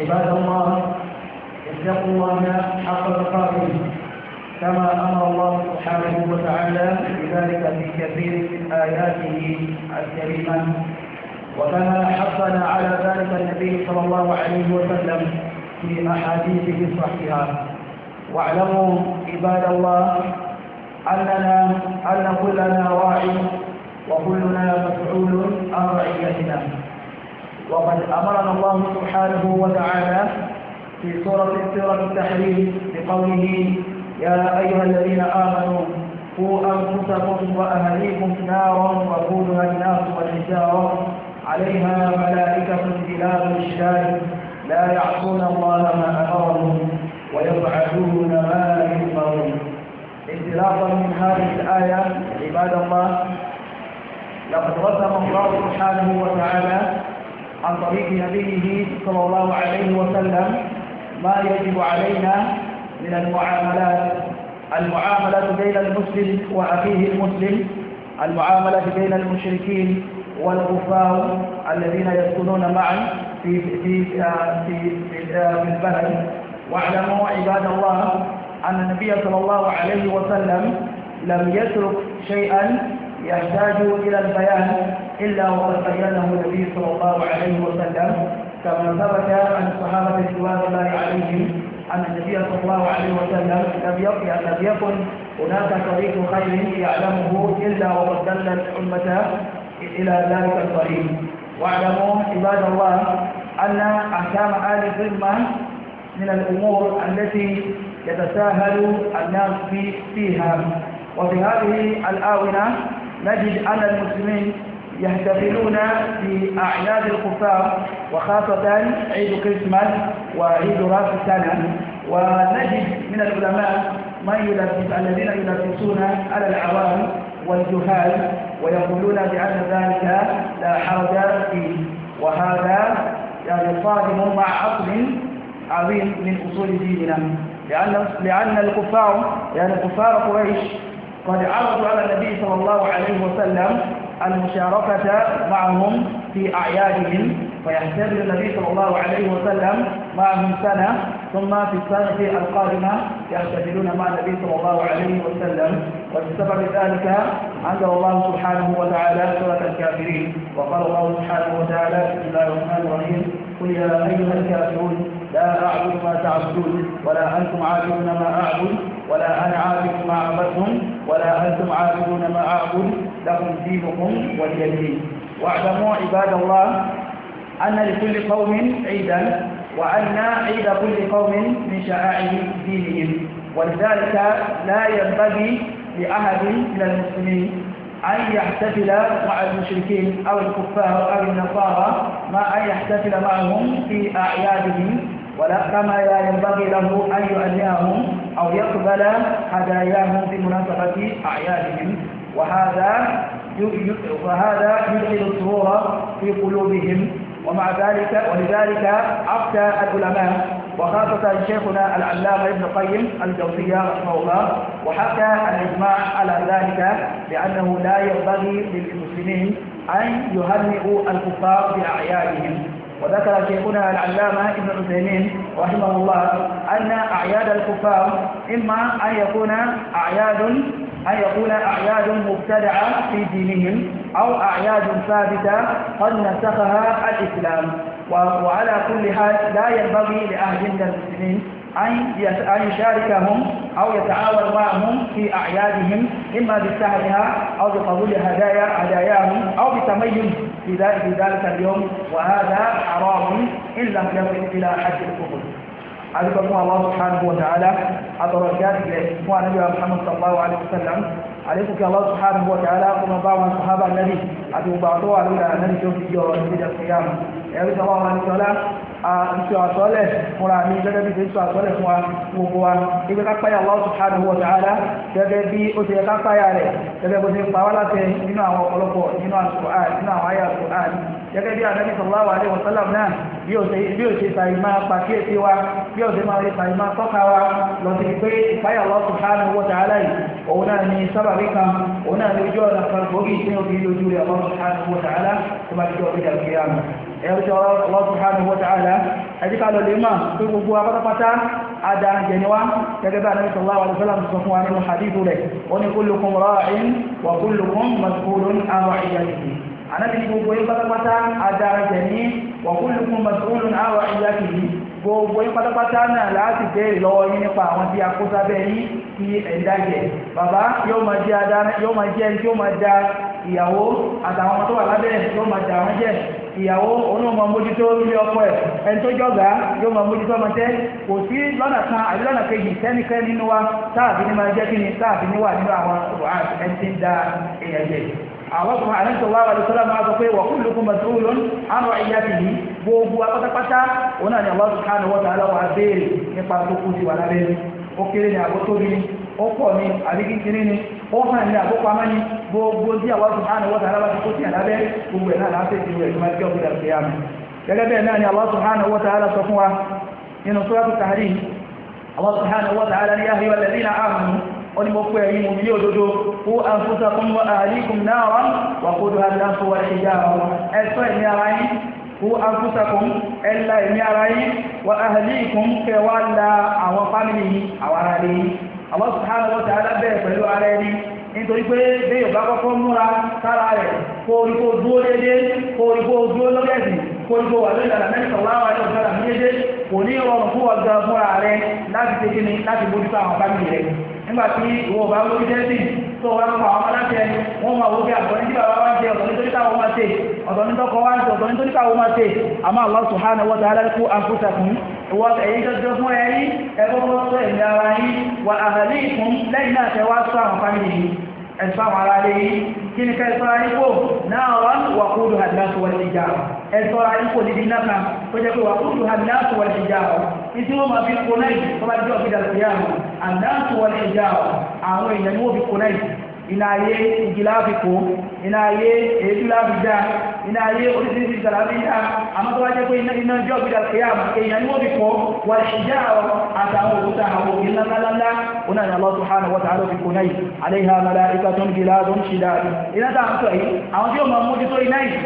عباد الله اتقوا الله حق تقاته كما امر الله سبحانه وتعالى بذلك في كثير من اياته الكريمه وكما حثنا على ذلك النبي صلى الله عليه وسلم في احاديثه الصحيحه واعلموا عباد الله اننا ان كلنا راع وكلنا مسؤول عن رعيتنا وقد أمرنا الله سبحانه وتعالى في سورة سورة التحريم بقوله يا أيها الذين آمنوا قوا أنفسكم وأهليكم نارا وقودها الناس والحجارة عليها ملائكة غلاظ شداد لا يعصون الله ما أمرهم ويفعلون ما يؤمرون انطلاقا من هذه الآية عباد الله لقد رسم الله سبحانه وتعالى عن طريق نبيه صلى الله عليه وسلم ما يجب علينا من المعاملات المعاملة بين المسلم وأخيه المسلم المعاملة بين المشركين والغفار الذين يسكنون معا في في في في البلد واعلموا عباد الله أن النبي صلى الله عليه وسلم لم يترك شيئا يحتاج إلى البيان إلا وقد بينه النبي صلى الله عليه وسلم كما ثبت عن الصحابة رضوان الله عليهم أن النبي صلى الله عليه وسلم لم يكن لم يكن هناك طريق خير يعلمه إلا وقد دلت أمته إلى ذلك الطريق واعلموا عباد الله أن أحكام آل الذمة من الأمور التي يتساهل الناس فيها وفي هذه الآونة نجد أن المسلمين يحتفلون بأعياد الكفار وخاصة عيد كريسماس وعيد رأس السنة ونجد من العلماء من يلبس الذين يلبسون على العوام والجهال ويقولون بأن ذلك لا حرج فيه وهذا يعني صادم مع أصل عظيم من أصول ديننا لأن لأن الكفار يعني كفار قريش قد عرضوا على النبي صلى الله عليه وسلم المشاركة معهم في أعيادهم فيحتفل النبي صلى الله عليه وسلم معهم سنة ثم في السنة القادمة يحتفلون مع النبي صلى الله عليه وسلم وبسبب ذلك أنزل الله سبحانه وتعالى سورة الكافرين وقال الله سبحانه وتعالى بسم الله الرحمن الرحيم قل يا أيها الكافرون لا أعبد ما تعبدون ولا أنتم عابدون ما أعبد ولا أنا عابد ما عبدتم ولا أنتم عابدون ما أعبد لكم دينكم ولي الدين واعلموا عباد الله أن لكل قوم عيدا وأن عيد كل قوم من شعائر دينهم ولذلك لا ينبغي لأحد من المسلمين أن يحتفل مع المشركين أو الكفار أو النصارى ما أن يحتفل معهم في أعيادهم ولا كما لا ينبغي له أن يؤذيهم أو يقبل هداياهم في مناسبة أعيادهم وهذا وهذا يدخل السرور في قلوبهم ومع ذلك ولذلك أفتى العلماء وخاصة شيخنا العلامة ابن قيم الجوزية رحمه الله وحكى الإجماع على ذلك لأنه لا ينبغي للمسلمين أن يهنئوا الكفار بأعيادهم وذكر شيخنا العلامة ابن عثيمين رحمه الله أن أعياد الكفار إما أن يكون أعياد أن يكون أعياد مبتدعة في دينهم أو أعياد ثابتة قد نسخها الإسلام وعلى كل حال لا ينبغي لأحد من المسلمين أن يشاركهم أو يتعاون معهم في أعيادهم إما بسهرها أو بقبول هدايا هداياهم أو بتميز في ذلك اليوم وهذا حرام إن لم يصل إلى حد الكفر adúgbò fún Allah subhanahu wa ta'ala àtọ̀rọ̀ ìyá tilẹ̀ fún anábíà Muhammad sallallahu alayhi wa sallam àlékún kí Allah subhanahu wa ta'ala kó máa bá wọn sàhábà nẹ́bì àti gbogbo àtọ́wà lórí àná ìṣọ àsọ́lẹ̀ fúnra mi gẹ́gẹ́ bí ìṣọ àsọ́lẹ̀ fún wa gbogbo wa ibi ká páyà Allah subhanahu wa ta'ala gẹ́gẹ́ bí ó ti yẹ ká páyà rẹ̀ gẹ́gẹ́ bó ti pa wá láti nínú àwọn ọ̀pọ̀lọpọ̀ nínú Al-Qur'an nínú àwọn àyà Al-Qur'an gẹ́gẹ́ bí Ànábì sallallahu alaihi wa sallam náà bí ó ṣe ṣàì máa pàkíyèsí wa bí ó ṣe máa ṣe ṣàì máa tọ́ka wa lọ sí pé ìpáyà Allah subhanahu wa ta'ala yìí òun náà ni sábàbí kan òun náà ni ojú ọ̀nà kan gbòógì tí ó fi lójú rẹ̀ Allah subhanahu wa ta'ala tó bá ti jọ ọ̀gbẹ́dàgbé àmì ẹ̀rọ̀ṣẹ́ Allah subhanahu wa ta'ala ẹ̀díkà lọ lè máa pé gbogbo apátápátá ada jẹniwá gẹ́gẹ́ bá anábì sallallahu alaihi wasallam sọ fún wa nínú hadithu rẹ̀ ó ní kullukum ra'in wa kullukum mas'ulun an ra'iyatihi anábì ní gbogbo yín pátápátá ada jẹni wa kullukum mas'ulun an ra'iyatihi gbogbo yín pátápátá náà láti béèrè lọ́wọ́ yín nípa àwọn tí a kó sábẹ́ yín kí ẹ̀dá jẹ bàbá yóò máa jẹ́ ẹni tí ó máa da ìyàwó àtàwọn ọmọ tó wà lábẹ́ yóò máa dà wọ́n jẹ́ ìyàwó òun náà máa mójútó ilé ọkọ ẹ̀ ẹni tó jọ̀gá yóò máa mójútó ọmọ tẹ́ kò sí lọ́nà kan àbí lọ́nà kejì sẹ́nikẹ́ nínú wa táàbí ní máa jẹ́ kí ni táàbí ní wà nínú àwọn ẹni tí ń da èèyàn jẹ àwọn ọkùnrin àrẹ́sọ wá wà lọ́sọ́lá máa sọ pé wọ̀kún lókun mọ̀tòrò lónìí àwọn ẹ̀yà tìlí gbogbo apátápátá òun náà ni àwọn ọkùnrin àwọn ọ̀tá aláwọ̀ abéèrè nípa tó kú sí wà lábẹ́ ó kéré ní àbótóbi ó pọ̀ ní àbí kékeré ni ó hàn ní àkópamọ́ ní gbogbo tí àwọn subhanahu wa ta'ala ti kó sí àdábẹ́ gbogbo ẹ̀ náà láti ṣe ìwé ìtumọ̀ ẹgbẹ́ òkúta ṣe àmì gẹ́gẹ́ bẹ́ẹ̀ náà ni àwọn subhanahu wa ta'ala sọ fún wa nínú sọ́ọ́tù tàhárì àwọn subhanahu wa ta'ala ní yìí mo bí òdodo kẹwàá la àwọn fámìlì yìí àwọn lè yìí àwọn subhanahu wa ta'ala bẹ̀rẹ̀ pẹ̀lú ara ẹni nítorí pé bẹ́ẹ̀ bá kọ́kọ́ múra sára rẹ̀ kó orí kó dúró déédéé kó orí kó dúró lọ́gẹ̀ẹ́sì kó orí kó wà lórí ìlànà mẹ́rin sọ̀rọ̀ àwọn ẹ̀rọ ìjọba mi déédéé kò ní rọrùn fún ọ̀gá fúnra rẹ̀ láti ṣe kíni láti bójú sáwọn bá mi rẹ̀ nígbà tí ìwọ bá wọ́n jẹ́ sí tó wá ń pa àwọn aláṣẹ ẹni wọ́n máa wọ́n bí àgbọ̀n ní bàbá wa ń jẹ ọ̀tọ̀ nítorí táwọn máa ṣe ọ̀tọ̀ nítorí kọ́ wá ń ṣe ọ̀tọ̀ nítorí táwọn máa ṣe àmọ́ Allah subhanahu wa ta'ala kú àǹkúta fún ìwọ ẹ̀yìn jọjọ fún ẹ̀yìn ẹgbọ́gbọ́ sọ ẹ̀mí ara yín wà àhàlí ìkún lẹ́yìn náà tẹ wá sọ àwọn fámìlì yìí ẹ̀sọ́ àwọn ará lé yìí kí ni kẹ́sọ́ ara yín kò náà wà wà kúrò àdínásù wọlé ìjà ẹ̀sọ́ ara yín kò níbi náà kan tó jẹ́ pé wà kúrò àdínásù wọlé ìjà ọ̀ ìdí wọn máa fi kó náà yìí tó bá jẹ́ ọ̀fi dàgbé àmọ́ àdáǹtò wọn lè jà ọ́ àwọn èèyàn ni wọ́n fi kó náà yìí iná ayé igi láàfi kó iná ayé èédú láàfi já iná ayé oríṣiríṣi ìsàlá fi àmọ́ tó bá jẹ́ pé iná jẹ́ ọ̀fi dàgbé àmọ́ èèyàn ni wọ́n fi kó wà lè jà ọ́ àtàwọn òkúta àwọn òkè ńláńláńlá ona ni Allah subhanahu wa ta'ala fi kunai alaiha malaikatun giladun shidad ina ta an so yi àwọn tí ó máa mójútó iná yìí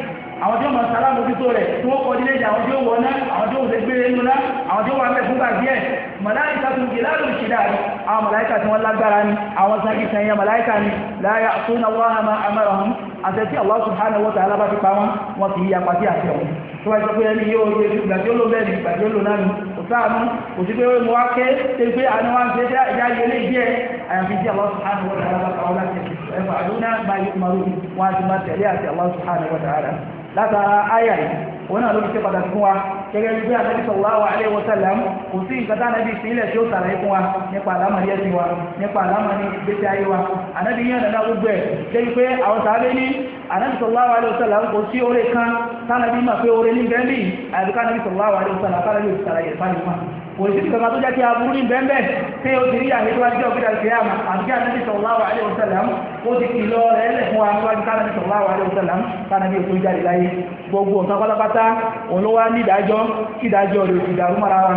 àwọn tí ó mọ̀ sára mójútó rẹ̀ tí wọ́n kọ́ nílé àwọn tí ó wọ̀ náà àwọn tí ó wùsẹ̀ gbére nínú náà àwọn tí ó wà mẹ́ fún gbàgbé ẹ̀ màláìka tún jẹ láàrú ìṣẹ̀dá ni àwọn màláìka tí wọ́n lágbára ni àwọn sáàkì sẹ́yìn màláìka ni láyà tó na wọ́n àmà àmàrà hàn àti tí Allah subhanahu wa ta'ala bá ti pa wọn wọn kì í ya pàtí àti ọ̀hún tó bá jẹ́ pé ẹni yóò yẹ ìgbà ló bẹ́ẹ̀ ni ìgbà tí náà ni kò sáànù kò sí pé mo wá ké ṣe pé àná wá ń ṣe dá ìyá yẹ lé díẹ̀ àyàfi tí Allah subhanahu wa ta'ala bá pa wọn láti ẹ̀fà àdúrà máa yọ kùmàrú wọn àti máa tẹ̀lé àti Allah subhanahu wa ta'ala látara àyà yìí òun náà ló fi ṣe pàtàkì fún wa gẹ́gẹ́ bí bí anabi sallallahu alaihi wasallam kò sí nǹkan tá anabi ìpínlẹ̀ tí ó sàlàyé fún wa nípa àlámọ̀rí ẹ̀sìn wa nípa àlámọ̀rí ìgbésí ayé wa anabi yẹn nana gbogbo ẹ̀ débi pé àwọn sàbẹ̀ ní anabi sallallahu alaihi wasallam kò sí oore kan tánàbí mà pé oore ní bẹ́ẹ̀ ní àyàbíká anabi sallallahu alaihi wasallam kò sí ìgbàgbà tó jẹ́ kí aburú ní bẹ́ẹ̀ tí ó ti rí àyíká jẹ́ òkúta ìkìyàmà àti kí ànábì sallallahu alaihi wasallam ó ti kìlọ̀ rẹ̀ lẹ̀ fún wa níwájú kánàbí sallallahu alaihi wasallam kánàbí ètò ìjáde láyé gbogbo nǹkan pátápátá òun ló wá ní ìdájọ́ kí ìdájọ́ rẹ̀ ti dàrú mara wa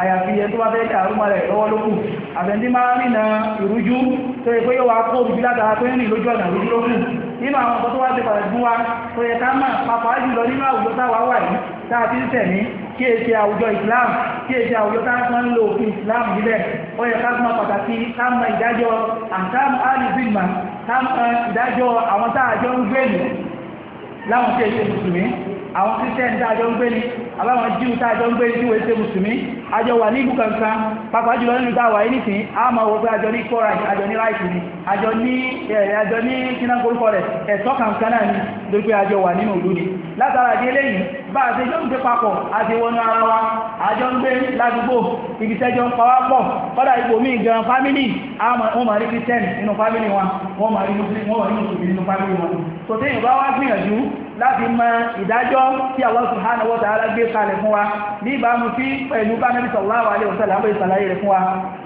àyàfi ẹni tó bá fẹ́ dàrú mara ẹ̀ lọ́wọ́ lókù àbẹ̀ndí máa ń rìnà nínú àwọn ọ̀tọ́ tó wá ti pàtàkì fún wa tó yẹ ká máa pàpà jùlọ nínú àwùjọ táwa wà yìí tá ti ń tẹ̀mí kí è ṣe àwùjọ Islam kí è ṣe àwùjọ tá a lo òfin Islam níbẹ̀ ó yẹ ká máa pàtàkì ká mọ ìdájọ́ àǹtàmù alìbìmà ká mọ ìdájọ́ àwọn tá a jọ ń gbé láwọn tí èyí àwọn christian tá a jọ ń gbé ni àbáwọn jíù tá a jọ ń gbé ni tí wọ́n ṣe mùsùlùmí a jọ wà ní ìlú kankan pàápàá jùlọ nínú tá a wà yìí nìsín a máa wọ pé a jọ ní kọ́ra a jọ ní ráìtì ni a jọ ní a jọ ní kínákórúkọ rẹ̀ ẹ̀tọ́ kankan náà ni lórí pé a jọ wà nínú ìlú ni látara di eléyìí bá a ṣe jọ ń gbé papọ̀ a ti wọnú ara wa a jọ ń gbé ládùúgbò ibi tẹ́jọ ń pawá pọ̀ kọ́dà ipò míì gan fámìlì wọ́n máa rí christian nínú fámìlì wọn wọ́n máa rí mùsùlùmí nínú fámìlì wọn tòtẹ́yìn bá wá gbìyànjú láti mọ ìdájọ́ tí Allah subhanahu wa ta'ala gbé kalẹ̀ fún wa ní ìbámu sí pẹ̀lú bá Nabi sallallahu alaihi wasallam àwọn ìsàlàyé rẹ̀ fún wa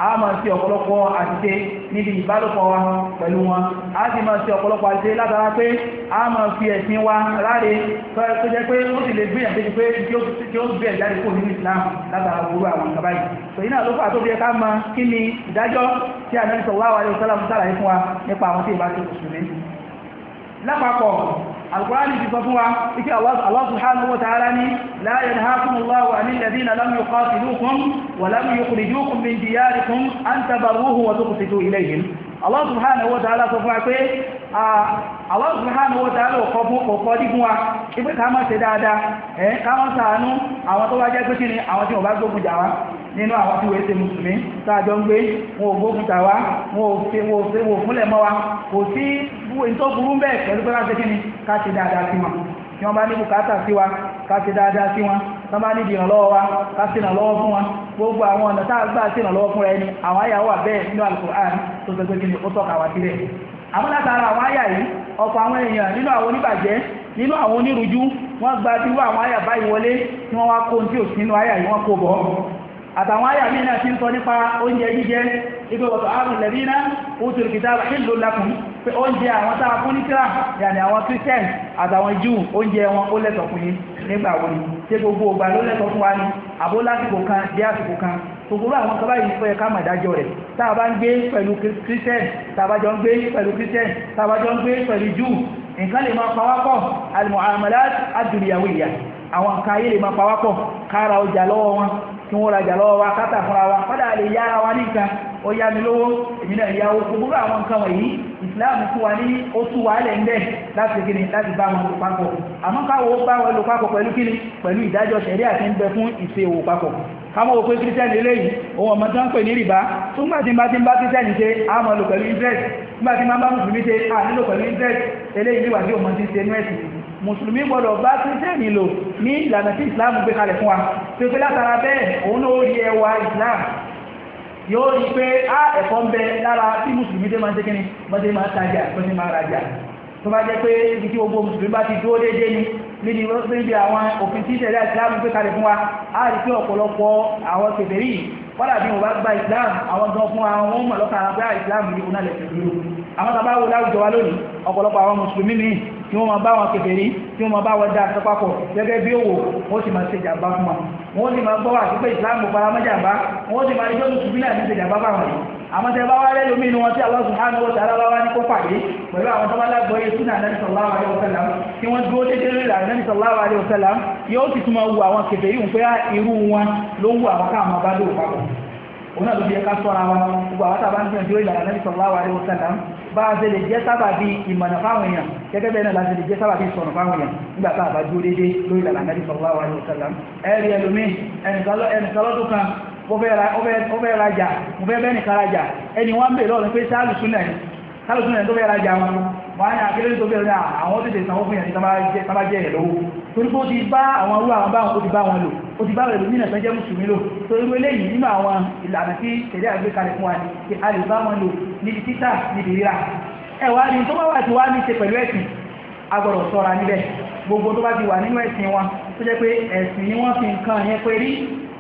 a máa sí ọ̀pọ̀lọpọ̀ àṣìṣe níbi ìbálòpọ̀ wa pẹ̀lú wọn a sì máa sí ọ̀pọ̀lọpọ̀ àṣìṣe látara pé a máa fi ẹ̀sìn wa ráre tó jẹ́ pé ó sì lè gbìyànjú pé tí ó bẹ̀rẹ̀ jáde kó nínú Islam látara gbogbo àwọn ìkàbá yìí èyí náà ló fà tó fi ẹ ká mọ kí ni ìdájọ́ tí Nabi sallallahu àwọn tí ìbá lápapọ̀ alkùránì ti sọ fún wa ikẹ́ Allah subhanahu wa ta'ala ní la yanhakumullahu 'anil ladhina lam yuqatilukum wa lam yukhrijukum min diyarikum an tabarruhum wa tuqsitu ilayhim Allah subhanahu wa ta'ala sọ fún wa pé Allah subhanahu wa ta'ala ọkọ̀ fún ọkọ̀ dígún wa ipé ká mọ́ ṣe dáadáa ẹ̀ nínú àwọn tí wọ́n ṣe mùsùlùmí tààjọ ń gbé wọn ò gbógun jà wọn ò fúnlẹ̀ mọ́ kò sí tó burú ń bẹ́ẹ̀ pẹ̀lú pé láti kí ni ká ṣe dáadáa sí wọn tí wọ́n bá ní bùkátà sí wa ká ṣe dáadáa sí wọn tán bá nídìí ìrànlọ́wọ́ wa ká sí ìrànlọ́wọ́ fún wa gbogbo àwọn ọ̀nà tá a gbà sí ìrànlọ́wọ́ fúnra ẹni àwọn àyà wà bẹ́ẹ̀ nínú Al-Qur'an tó sọ pé kí ni ó tọ́ka wá sílẹ̀ àmọ́ látara àwọn àyà yìí ọ̀pọ̀ àwọn èèyàn nínú àwọn oníbàjẹ́ nínú àwọn onírújú wọ́n gba irú àwọn àyà báyìí wọlé tí wọ́n wá kó tí ò sínú àyà yìí wọ́n kó bọ̀ àtàwọn àyà mí náà ti ń sọ nípa oúnjẹ jíjẹ igbó wọ̀tọ̀ àrùn lẹ́bí iná òtún kìtà ìlú lakùn pé oúnjẹ àwọn táwọn fún nítìrà yàní àwọn christian àtàwọn jew oúnjẹ wọn ó lẹ́tọ̀ fún yín nígbà wo ni ṣé gbogbo ògbà ló lẹ́tọ̀ fún wa ni àbó lásìkò kan dé àsìkò kan gbogbo àwọn kọba yìí fẹ́ ká mọ̀ ìdájọ́ rẹ̀ tá a bá ń gbé pẹ̀lú christian tá a bá jọ ń gbé pẹ̀lú christian tá a bá jọ ń gbé pẹ̀lú àwọn nǹkan ayé lè máa pawápọ̀ kára ọjà lọ́wọ́ wọn kí wọ́n rajà lọ́wọ́ wa kátà fúnra wa kọ́dà lè yára wa ní nǹkan ó yá mi lówó èmi náà yáwó gbogbo àwọn nǹkan wọ̀nyí islam fún wa ní ó tú wa lẹ̀ ń bẹ̀ láti kíni láti bá wọn lò papọ̀ àmọ́ káwọ́ bá wọn lò papọ̀ pẹ̀lú kíni pẹ̀lú ìdájọ́ sẹ̀rí àti ń bẹ fún ìṣe òwò papọ̀ káwọn òpin kírísítẹ́nì eléyìí ohun ọmọ tó ń pè ní rìbá tó ń gbà bá tí bá kírísítẹ́nì ṣe á mọ̀ lò pẹ̀lú interest nígbà tí ń bá mùsùlùmí ṣe á nílò pẹ̀lú interest eléyìí níwà òun ti ṣe nú ẹ̀sìn mùsùlùmí gbọdọ̀ bá kírísítẹ́nì lò ní ìlànà tí ìsìláàmù gbé kalẹ̀ fún wa pé pé látara bẹ́ẹ̀ òun náà ó rí ẹwà ìsìláàmù yóò rí pé á ẹ̀kọ́ ń bẹ lára tí mùsùlùmí dé máa ń ṣe kíni bọ́dé máa ń tajà bọ́dé máa ń rajà tó bá jẹ́ pé ibi tí gbogbo mùsùlùmí bá ti dúró déédéé ni níbi níbi àwọn òfin tí ìṣẹ̀lẹ̀ ìsìláàmù gbé kalẹ̀ fún wa á rí pé ọ̀pọ̀lọpọ̀ àwọn kèfèrí kọ́dà bí wọ́n bá gba ìsìláàmù àwọn gan fún àwọn ohun mọ̀lọ́kà àwọn pé ìsìláàmù ní oná lẹ̀sẹ̀ dúró àwọn tàbá wo láwùjọ wa lónìí àmọ́ tẹ bá wá rẹ lómi inú wọn tí Allah subhanahu wa ta'ala bá wá ní kó pàdé pẹ̀lú àwọn tó bá lágbóyè sínú Ànábì sallallahu alaihi wasallam kí wọ́n dúró dédé lórí Ànábì sallallahu alaihi wasallam yóò sì túnmọ̀ wu àwọn kẹfẹ́ yìí pé ah, irú wọn ló ń wu àwọn káàmọ́ bá dòwò papọ̀ òun náà ló fi ẹka sọ́ra wọn gbogbo àwọn tábà ń gbìyànjú ìlànà Ànábì sallallahu alaihi wasallam bá a ṣe lè jẹ́ sábàbí ìmọ̀nà fáwọn èèyàn gẹ́gẹ́ bẹ́ẹ̀ náà la ṣe lè jẹ́ sábàbí ìsọ̀nà fáwọn èèyàn nígbà tá a bá dúró déédéé lórí ìlànà Ànábì sallallahu alaihi wasallam ẹ̀rí ẹlòmíì ẹnìkan lọ́dún kan mo fẹ́ rajà mo fẹ́ bẹ́ẹ̀ nìkan rajà ẹni wọ́n ń bè lọ́rùn pé sálùsúnà ni sálùsúnà ni tó fẹ́ rajà wọn wọ́n á ní akérèdé tó fẹ́ rajà àwọn tètè sanwó fún yẹn ní sábà jẹ́ ẹ̀ lówó torí pé ó ti bá àwọn irú àwọn báwọn ó ti bá wọn lò ó ti bá wọn lò nínú ẹ̀sán jẹ́ mùsùlùmí lò torí a lè bá wọn lò níbi títà níbi rírà ẹ wá ní tó bá wà tí wàá ní ṣe pẹ̀lú ẹ̀sìn a gbọ́dọ̀ ṣọ́ra níbẹ̀ gbogbo tó bá ti wà nínú ẹ̀sìn wọn tó jẹ́ pé ẹ̀sìn ni wọ́n fi nǹkan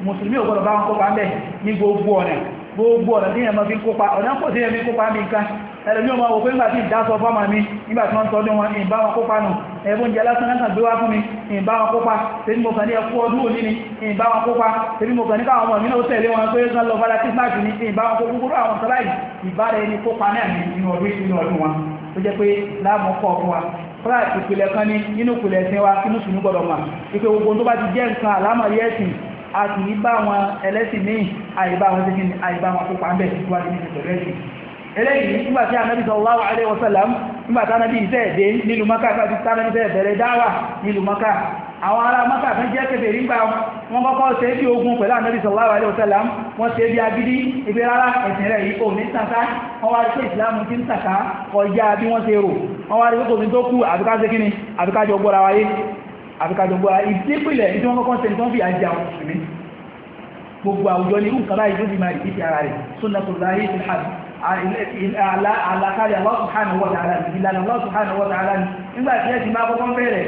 mùsùlùmí ò gbọ́dọ̀ bá wọn kópa mẹ́ ní gbogbo ọ̀nà gbogbo ọ̀nà tí èèyàn fi kópa ọ̀nà pọ̀ sí èèyàn fi kópa mi nǹkan ẹlòmí ọmọ òpé ńgbà tí ìdásọ fọ́mà mi nígbà tí wọ́n tọ́jú wọn ìbá wọn kópa nù ẹ̀bùn jẹ́ lásán náà gbé wá fún mi ìbá wọn kópa tèmi mo kàn ní ẹkú ọdún òní ni ìbá wọn kópa tèmi mo kàn ní káwọn ọmọ mi náà tẹ̀lé wọn pé kán lọ fara christmas ni ìbá wọn kó gbogbo àwọn sọlá yìí ìbára ẹni kópa náà ní inú ọdún inú ọdún wọn tó jẹ́ pé láàmú kọ́ fún wa fúlà ìpìlẹ̀ kan ní inú ìpìlẹ̀ ẹ̀sìn wa kí mùsùlùmí gbọ́dọ̀ mọ̀ ìpè gbogbo tó bá ti jẹ́ nǹkan àlámọ̀ yẹ́sìn a kì í bá wọn ẹlẹ́sìn míì àìbá wọn tẹ́kí ni àìbá wọn kópa ń bẹ̀ tó wá nínú pẹ̀lú ẹ̀sìn eléyìí nígbà tí anabi sallallahu alaihi wasallam nígbà tí anabi ìfẹ́ ẹ̀dẹ́ nílùú maka káàkiri tí anabi ìfẹ́ ẹ̀bẹ̀rẹ̀ dáwà nílùú maka àwọn ará maka fẹ́ jẹ́ kèfèrí nígbà wọn kọ́kọ́ ṣe bí ogun pẹ̀lú anabi sallallahu alaihi wasallam wọ́n ṣe bí agídí ibi rárá ẹ̀sìn rẹ̀ yìí kò ní tàkà wọ́n wá rí pé ìsìlámù ti ń tàkà kọjá bí wọ́n ṣe rò wọ́n wá rí pé kò ní tó kú àbíkájọ gbọ́ra wáyé àfikàjọgbọ́ ìdípìlẹ̀ tí wọ́n kọ́kọ́ sẹ́ni tó ń fi àjà àwọn mùsùlùmí gbogbo àwùjọ ní nǹkan báyìí ló fi máa ìdíje ara rẹ̀ sunnatullahi fil hajj àlàkalẹ̀ Allah subhanahu wa ta'ala ìlànà Allah subhanahu wa ta'ala nígbà tí ẹ ti máa kọ́kọ́ bẹ̀rẹ̀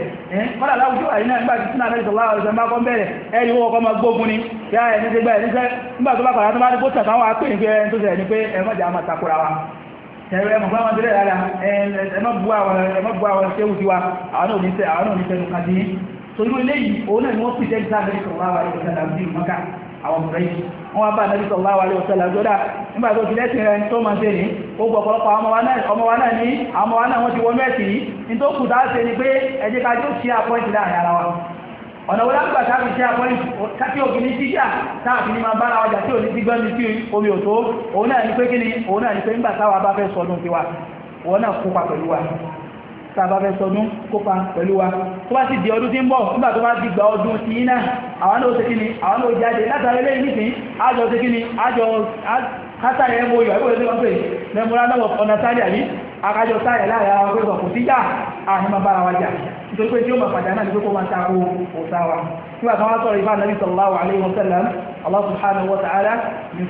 kọ́lá láwùjọ àyínà nígbà tí sínú àmẹ́rìsọ̀ láwọ̀ ìṣẹ́ máa kọ́ bẹ̀rẹ̀ ẹ̀rí owó ọkọ̀ máa gbógun ni yá ẹ̀ ní ṣe gbà ẹ̀ níṣẹ́ nígbà tó bá kọ̀ọ̀rọ̀ tó bá ní bó tẹ̀sán wà pé ní pé ẹni tó ṣẹlẹ̀ ní pé ẹ̀ mọ̀jà máa takora wa ẹ̀rọ ẹ̀mọ̀ fún àwọn tó lẹ́yìn ara ẹ̀mọ̀ bu àwọn ṣẹ́wù sí wa àwọn náà ní sẹ́nu kan sí yín torí eléyìí òun náà ni wọ́n pèsè ní sáà lẹ́yìn sọ̀rọ̀ àwọn àyẹ̀wò sẹ́nu àbí ìmọ̀ká àwọn ọmọ rẹ̀ wọ́n wá bá nàbí sọ̀rọ̀ àwọn àyẹ̀wò nígbà tó ti lẹ́sìn rẹ̀ tó máa ṣe ní gbogbo ọ̀pọ̀lọpọ̀ ọmọ wa náà ní àwọn ọmọ wa náà wọ́n ti wọ́n mẹ́sì yìí ní tó kù dáa ṣe ni pé ẹ̀jẹ̀ ká yóò ṣe àpọ́ǹtì láàrin ara wa ọ̀nà wo lágbà tábì ṣe àpọ́ìntì káfí òkè ní tíjà táàfin ní máa bára ọjà tí o ní gbígbọ́n ní tí omi oto tó òun náà ní pé kí ni òun náà ní pé ńgbà táwa bá fẹ́ sọdún wa náà kópa pẹ̀lú wa tàbá fẹ́ sọdún kópa pẹ̀lú wa tó bá sì di ọdún tí ń bọ̀ nígbà tó bá di gba ọdún iná àwọn náà ó kí ni àwọn náà ó jáde látàrí àjọ kí ni àjọ yọ̀ akájọ sáyẹ̀ láàrin àwọn akẹ́kọ̀ọ́ kò síjà àní máa bára wa jà nítorí pé tí ó máa padà náà ní kó máa ta ko òòsà wa nígbà tí wọ́n sọ̀rọ̀ ìfá nàbí sallallahu alaihi wa sallam Allah subhanahu wa ta'ala min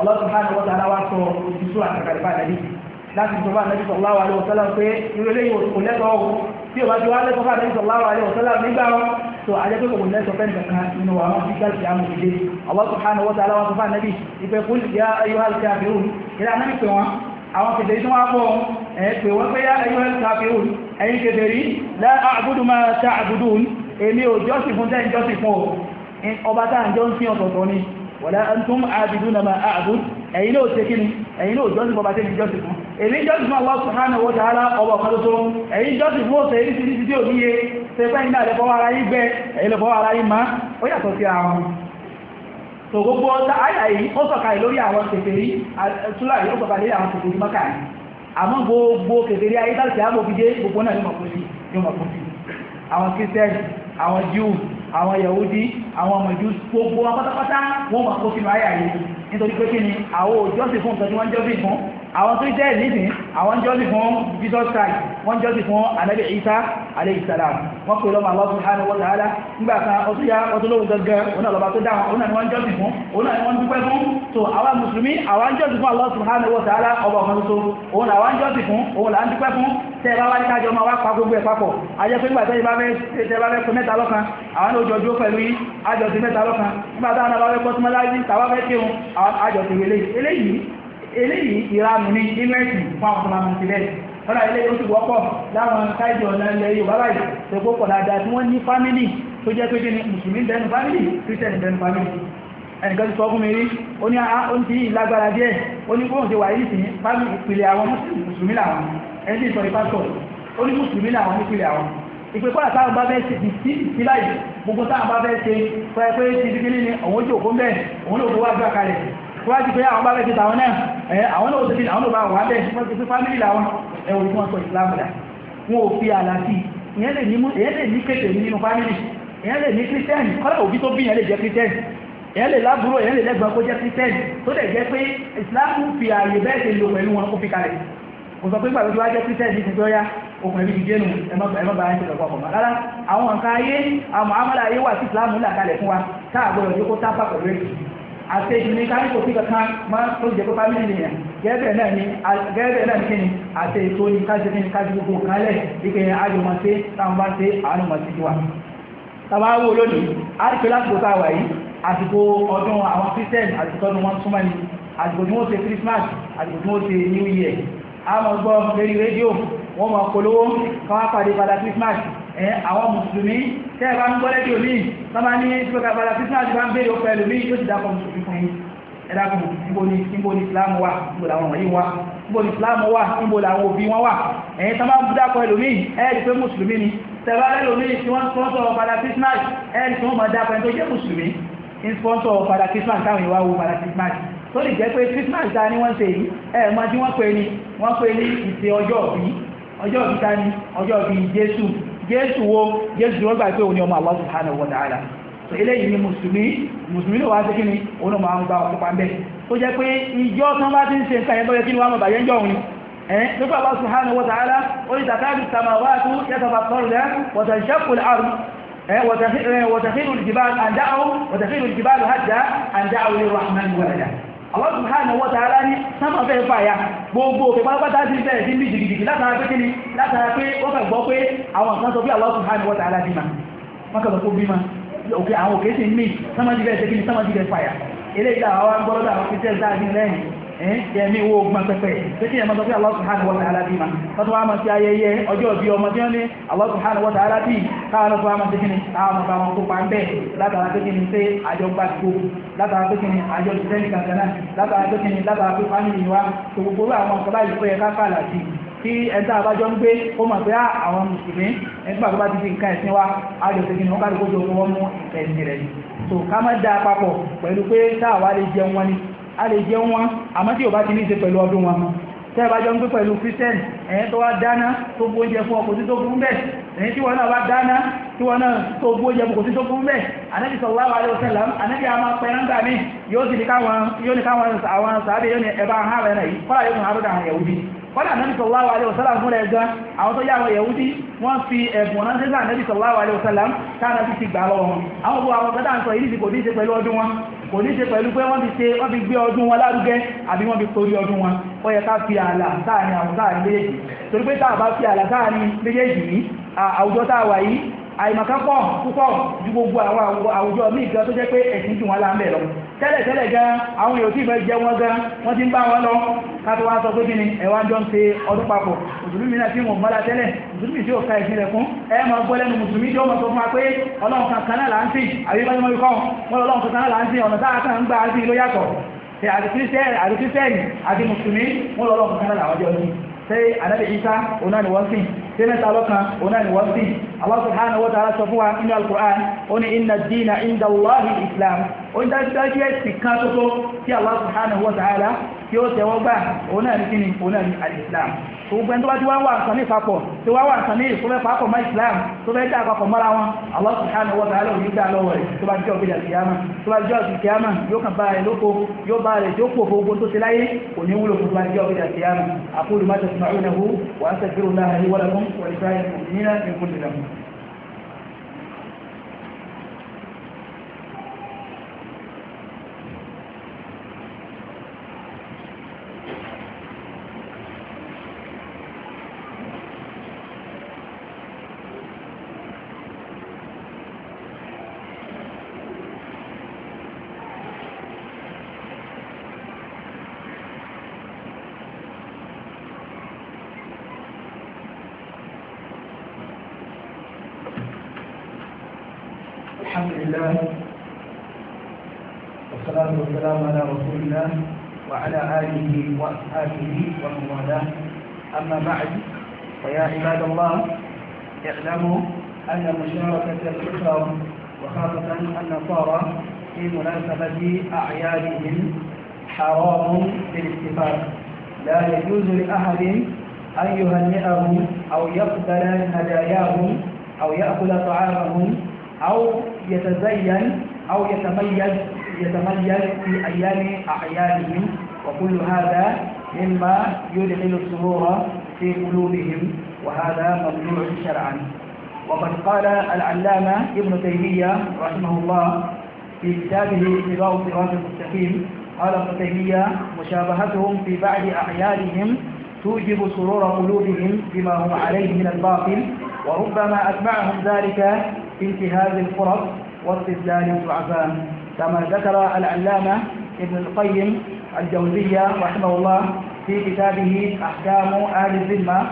Allah subhanahu wa ta'ala wa sọ òṣìṣú àtàkàlẹ̀ bá sallallahu alaihi wa sallam pé irú eléyìí kò lẹ́tọ̀ọ́ tí ó sallallahu alaihi wa sallam so a jẹ́ pé kò lẹ́sọ̀ Allah subhanahu wa ta'ala wa sọ fún ànábì ya ayyuhal kafirun ìlànà ìpẹ́ wọn àwọn kèdèrí tó wá bọ́ ẹ̀ẹ́pẹ̀ wọ́n pé yá ẹ̀yọ́ ẹ̀kàfíhùn ẹ̀yìn kèdèrí láàbùdù máa tààbùdù èmi ò jọ́sìn fún tẹ́ ìjọ́sìn fún ọba táà jọ ń fi ọ̀tọ̀ọ̀tọ̀ ni wọ̀lá ẹntún àbìdúnà máa àbú ẹ̀yin ló ṣe kíni ẹ̀yin ló jọ́sìn bọ́bá tẹ́lẹ̀ jọ́sìn fún èmi jọ́sìn fún Allah subhanahu wa ta'ala ọba ọ̀kan tó ẹ̀yin jọ́sìn fún òṣèré ní ti ní ti tí ò níye ṣe fẹ́ ìgbà lẹ́fọ́ ara yín bẹ́ ẹ̀yin lẹ́fọ́ ara yín má ó yàtọ̀ sí àwọn tó gbogbo ọjà àyà yìí ó sọ̀kalẹ̀ lórí àwọn kèfèrí túlà yìí ó sọ̀kalẹ̀ lórí àwọn kèfèrí mọ́kà yìí àmọ́ gbogbo kèfèrí ayé tàbí tí a mọ̀ fi dé gbogbo náà yóò mọ̀ fún sí àwọn Christian àwọn Jew àwọn Yahudi àwọn ọmọdé gbogbo wọn pátápátá wọn mọ̀ fún sínú àyà yìí nítorí pé kí ni àwọn òjọ́sìn fún nǹkan tí wọ́n jọ́sìn fún àwọn tó jẹ́ nísìn àwọn jọ́sìn fún jesus christ wọ́n jọ́sìn fún anabi isa alayhi salam wọ́n pè lọ́mọ allah subhanahu wa ta'ala nígbà kan ọtún ya ọtún lóhun gangan òun náà lọ́ba tó dáhùn òun náà ni wọ́n jọ́sìn fún òun náà ni wọ́n dúpẹ́ fún so àwa mùsùlùmí àwa ń jọ́sìn fún allah subhanahu wa ta'ala ọba ọ̀kan tó òun làwa ń jọ́sìn fún òun là ń dúpẹ́ fún tẹ́ ẹ bá wá ní kájọ máa wá pa gbogbo ẹ̀ papọ̀ ajẹ́ pé nígbà tẹ́yìn bá fẹ́ tẹ́ bá fẹ́ pé mẹ́ta lọ́kan àwọn òjòjò pẹ̀lú yìí àjọsìn mẹ́ta lọ́kan nígbà táwọn bá fẹ́ pọ́túmọ́láyé tàwa fẹ́ kéwọn àjọsìn eléyìí eléyìí ìranù ní ìmẹ̀sì fún àwọn ọmọ àmì ìtìlẹ̀ ọ̀rọ̀ ilé tó ti wọ́pọ̀ láwọn káìdì ọ̀nà ilẹ̀ Yorùbá báyìí tó gbọ́pọ̀ dáadáa tí wọ́n ní fámìlì tó jẹ́ pé kí ni mùsùlùmí dẹnu fámìlì kírísítẹ̀nì dẹnu fámìlì ẹnìkan ti sọ fún mi rí ó ní àwọn ah, ti lágbára díẹ̀ ó ní bóun ti wà yìí sìn fámìlì ìpìlẹ̀ àwọn mùsùlùmí làwọn ẹni tí ìsọ̀rí pásítọ̀ ó ní mùsùlùmí làwọn nípìlẹ̀ àwọn ìpèkọ́ àtàwọn bá bẹ́ẹ̀ ṣe ti sí ìsíláì gbogbo táwọn bá bẹ́ẹ̀ ṣe pẹ́ẹ́pẹ́ ti di kí ní ọ̀wọ́n jòkó mẹ́ẹ̀ òun ló gbowó àgbà kalẹ̀ wá ti pé àwọn bá fẹ́ ti tàwọn náà ẹ̀ àwọn náà ó ti fi àwọn náà bá wà bẹ́ẹ̀ wọ́n ti fi fámìlì làwọn ẹ̀ wò tí wọ́n sọ ìsìlámù dà wọn ò fi àlà sí ìyẹn lè ní kéde nínú fámìlì ìyẹn lè ní kírísítẹ́nì kọ́lá òbí tó bí ìyẹn lè jẹ́ kírísítẹ́nì èyàn lè lábúrò èyàn lè lẹ́gbọ́n kó jẹ́ kírísítẹ́nì tó dẹ̀ jẹ́ pé ìsìláàmù fi ààyè bẹ́ẹ̀ ṣe lò pẹ̀lú wọn kó fi kalẹ̀ kò sọ pé gbàgbé wá jẹ́ kírísítẹ́nì ti gbọ́yá òkùnrin bíi ìgbénu ẹ̀mọ́bà ẹ̀ ṣẹlẹ̀ pọ̀ mọ́ rárá àwọn àṣejù ní káyọ̀ kò sí kankan máa tó jẹ́ pé fámìlì ni, gẹ́gẹ́ náà ni gẹ́gẹ́ náà ni kí ni àṣe ètò ní káṣe kí ni káṣe gbogbo kan lẹ̀ ike àjùmọ̀ ṣe táwọn bá ṣe àánú mọ̀ sí wa. tàbá wo lónìí a rí pé lásìkò tá a wà yìí àsìkò ọdún àwọn christian àsìkò ọdún wọn súnmọ́ ni àsìkò tí wọ́n ṣe christmas àsìkò tí wọ́n ṣe new year a mọ̀ gbọ́ lórí rédíò wọ́n mọ̀ polówó káwá pàdé padà christmas àwọn mùsùlùmí tẹ́ ẹ bá ń gbọ́lẹ́ tí omi sọ́mà ní ìpínlẹ̀ bàbá tí wọ́n ti bá ń béèrè ọkọ̀ ẹlòmí yóò ti dákọ̀ mùsùlùmí fún yín ẹ dákun níbo ni níbo ni islam wà níbo làwọn wọ̀nyí wà níbo ni islam wà níbo làwọn òbí wọn wà ẹ̀yin sọ́mà ń dákọ̀ ẹlòmí ẹ sponsor padà christmas ẹ rí pé wọ́n máa dákọ̀ ẹni tó jẹ́ sponsor padà christmas táwọn ìwà wo padà christmas tó lè jẹ́ pé christmas ta ni wọ́n ń ṣe yìí ẹ̀ mọ́ tí wọ́n pè ní wọ́n pè ní ìṣe ọjọ́ òbí ọjọ́ òbí ta ni ọjọ́ òbí jésù jésù wo jésù wọ́n gbà pé òun ni ọmọ Allah subhanahu wa ta'ala so eléyìí ni mùsùlùmí mùsùlùmí ló wá sí kí ni òun náà máa ń gba ọ̀pọ̀ pàmbẹ́ tó jẹ́ pé ìjọ tán bá ti ń ṣe nǹkan yẹn tó yẹ kí ni wọ́n máa bàjẹ́ ń jọ òun ni nípa Allah subhanahu wa ta'ala ó ní tàkàbí samawatu yatafattarna rẹ̀ watanshaqu al-ard watakhirru al-jibal an da'u watakhirru al-jibal hadda an da'u lir-rahmani walada Allah subhanahu wa ta'ala ní sábà fẹ́ fàyà gbogbo òkè pátápátá sí bẹ̀rẹ̀ sí ní jìgìjìgì látara pé kíni látara pé ó fẹ́ gbọ́ pé àwọn kan sọ bí Allah subhanahu wa ta'ala bímá wọ́n kàn sọ pé bímá òkè àwọn òkè sì ń mì sábà jìgẹ̀ sí kíni sábà jìgẹ̀ fàyà eléyìí ẹ̀ẹ́dẹ̀mí wo gbọ́n pẹ́pẹ́ títí ẹ̀mọ́ tó fẹ́ Allah subhanahu wa ta'ala bí ma tọ́tọ́ wá mọ̀ sí ayẹyẹ ọjọ́ bí ọmọ tí wọ́n ní Allah subhanahu wa ta'ala bí káwọn tó wá mọ̀ sí kíni káwọn mọ̀ káwọn kópa ń bẹ̀ látara pé kíni pé àjọ gbà tó látara pé kíni àjọ ìsẹ́ni kankana látara pé kíni látara pé fámìlì wa tó gbogbo àwọn ọ̀kọ́ báyìí pé ẹ̀ká fà láti kí ẹ̀dá àbájọ ń gbé ó mọ̀ ah, ni wọ́n fún wọn mú ẹ̀sìn rẹ̀ so ká má dá papọ̀ pẹ̀lú pé táà wá lè a lè jẹun wọn àmọ́ tí ò bá ti ní í ṣe pẹ̀lú ọdún wọn tẹ́ bá jọ ń gbé pẹ̀lú christian ẹ̀yìn tó wá dáná tó gbó oúnjẹ fún ọkọ̀ tí tó burú bẹ́ẹ̀ ẹ̀yìn tí wọ́n náà wá dáná tí wọ́n náà tó gbó oúnjẹ fún ọkọ̀ tí tó burú bẹ́ẹ̀ anábì sallallahu alaihi wasallam anábì àmà pẹ̀lúgbà mi yóò sì ní káwọn àwọn sàábẹ̀ yóò ní ẹ̀bá hàn rẹ̀ náà yìí kọ́lá yóò kọ́dà nẹ́bí sallallahu alaihi wasallam fún ẹ̀gán àwọn tó yáwọn yẹ̀wúdí wọ́n fi ẹ̀bùn ránṣẹ́ sáà nẹ́bí sallallahu alaihi wasallam káàdà fi ti gbà lọ wọn àwọn gbogbo àwọn kọ́dà ń sọ yìí kò ní ṣe pẹ̀lú ọdún wọn kò ní ṣe pẹ̀lú pé wọ́n fi ṣe wọ́n fi gbé ọdún wọn lárugẹ àbí wọ́n fi torí ọdún wọn ó yẹ ká fi ààlà sáàrin àwọn sáàrin méjèèjì torí pé táà bá fi ààlà sáàrin méjèèjì yìí àwùjọ táà wà yìí àìmọ̀kápọ̀ púpọ̀ ju gbogbo àwọn àwùjọ ní ìgbà tó jẹ́ pé ẹ̀sìn jù wọn láńbẹ̀ lọ tẹ́lẹ̀tẹ́lẹ̀ gan àwọn èèyàn tí ìfẹ́ jẹ wọn gan wọ́n ti ń bá wọn lọ kátó wá sọ pé kí ni ẹ̀wá jọ ń pe ọdún papọ̀ mùsùlùmí náà tí wọ́n mọ́lá tẹ́lẹ̀ mùsùlùmí tí ó ka ìpínlẹ̀ fún ẹ mọ̀ gbọ́ lẹ́nu mùsùlùmí tí ó mọ̀ sọ fún wa pé ọlọ́run kan kan náà là ń sìn àbí bá ní wọ́n fi kọ́ wọn ọlọ́run kan kan náà là ń sìn ọ̀nà táà kan ń gbà á sí ló yàtọ̀ àti kírísítẹ́nì àti mùsùlùmí wọn lọ́lọ́run kan náà làwọn jọ ní sai anabi isa ona ni wọ́n sìn sai mẹ́ta lọ́kan ona ni wọ́n sìn Allah subhanahu wa ta'ala sọ fún wa inú al-Qur'an ó ní inna ad-dina inda Allahi islam ó ní dájúdájú ẹ̀sìn kan tó tó tí Allah subhanahu wa ta'ala tí ó tẹ́wọ́ gbà òun náà ní kíni òun náà ní alìsílám tó gbogbo ẹni tó bá ti wá wà nǹkan ní ìpapọ̀ tó wá Allah subhanahu wa ta'ala yóò dá lọ́wọ́ rẹ̀ tó bá jẹ́ òbí àkìyàmà tó bá jẹ́ òbí kìyàmà yóò kàn bá rẹ̀ lóko yóò bá rẹ̀ tó pò gbogbo tó ti láyé kò ní wúlò fún bá jẹ́ òbí àkìyàmà الله والصلاة والسلام على رسول الله وعلى آله وأصحابه ومن والاه أما بعد فيا عباد الله اعلموا أن مشاركة الأسر وخاصة النصارى في مناسبة أعيادهم حرام بالاتفاق لا يجوز لأحد أن يهنئهم أو يقبل هداياهم أو يأكل طعامهم أو يتزين أو يتميز يتميز في أيام أعيادهم وكل هذا مما يدخل السرور في قلوبهم وهذا ممنوع شرعا وقد قال العلامة ابن تيمية رحمه الله في كتابه اتباع الصراط المستقيم قال ابن تيمية مشابهتهم في بعض أعيادهم توجب سرور قلوبهم بما هم عليه من الباطل وربما أتبعهم ذلك في انتهاز الفرص واستدلال الضعفاء كما ذكر العلامة ابن القيم الجوزية رحمه الله في كتابه أحكام أهل الذمة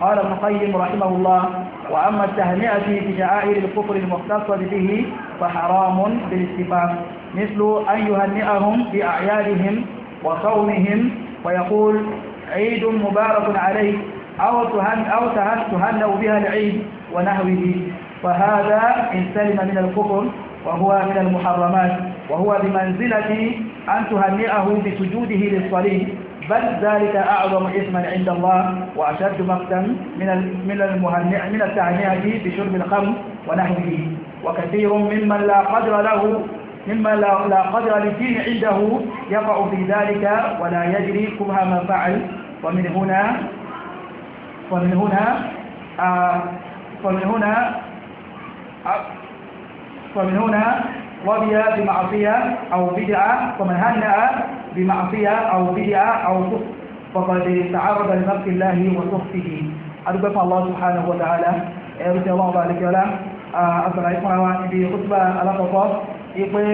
قال ابن القيم رحمه الله وأما التهنئة بشعائر الكفر المختصة به فحرام بالاتفاق مثل أن يهنئهم بأعيادهم وصومهم ويقول عيد مبارك عليك أو تهنئ أو تهنئ تهنأ بها العيد ونحوه فهذا إن سلم من الكفر وهو من المحرمات وهو بمنزلة أن تهنئه بسجوده للصليب بل ذلك أعظم إثما عند الله وأشد مقتا من من المهنئ من التهنئة بشرب الخمر ونحوه وكثير ممن لا قدر له مما لا, لا قدر للدين عنده يقع في ذلك ولا يدري كبها ما فعل ومن هنا ومن هنا آه ومن هنا فمن هنا رضي بمعصية أو بدعة ومن هنأ بمعصية أو بدعة أو كفر فقد تعرض لملك الله وسخطه أدبك الله سبحانه وتعالى ẹ̀rùsẹ̀ ọlọ́run bá lẹ́kẹ́ ọlá àtàrà ìfúnra wa ibi òtúbà alákọ̀ọ́kọ́ ipé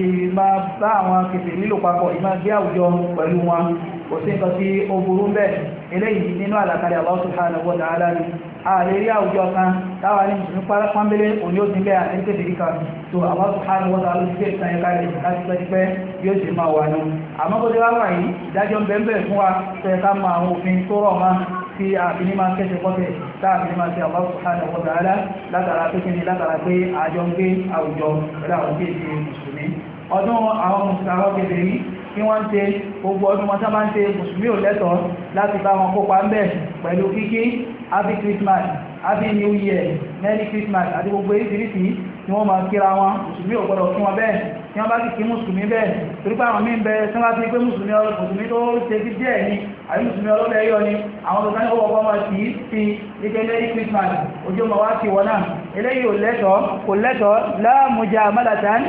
ìmá bá àwọn kèfèrí nílò papọ̀ ìmá gbé àwùjọ pẹ̀lú wọn kò sí nǹkan tí ó burú bẹ́ẹ̀ eléyìí nínú àlàkalẹ̀ Allah subhanahu wa ààrẹ rí àwùjọ kan táwa ní mùsùlùmí pọ́nbélé òní ó ti ń bẹ́ àtẹ́tẹ́fẹ́rí kan tó àwọn sùhánù wọ́n sáré sí èsì sáyẹ́ká rẹ̀ láti pẹ́ tipẹ́ yóò ṣe máa wà nù àmọ́ bó ti wá wà yìí ìdájọ́ ń bẹ́ẹ̀ fún wa tó yẹ ká mọ àwọn òfin tó rọ̀ mọ́ tí a fi máa kẹ́sẹ̀ kọ́tẹ̀ tá a máa ṣe àwọn sùhánù wọ́n sáré látara pé kíni látara pé àjọ ń gbé àwùjọ pẹ̀lú àwọn kéèké mùsùlùmí ọdún àwọn mùsùlùmí kí wọ́n ń ṣe gbogbo ọdún wọn sábà ń ṣe mùsùlùmí ò lẹ́tọ̀ọ́ láti bá wọn kópa ń bẹ̀ pẹ̀lú kíkí happy christmas happy new year merry christmas àti gbogbo oríṣiríṣi tí wọ́n máa kíra wọn mùsùlùmí ò gbọ́dọ̀ kí wọn bẹ́ẹ̀ tí wọ́n bá ti kí mùsùlùmí bẹ́ẹ̀ torí pé àwọn míì ń bẹ tí wọ́n bá ti pé mùsùlùmí mùsùlùmí tó ṣe ti díẹ̀ ni àbí mùsùlùmí ọlọ́bẹ̀ yọ ni àwọn tòkàn ó wọ́pọ̀ máa tì í ike lẹ́yìn christmas ojú ọmọ wa ti wọ̀ náà eléyìí ò lẹ́tọ̀ọ́ kò lẹ́tọ̀ọ́ láàmújà mọ́làtàn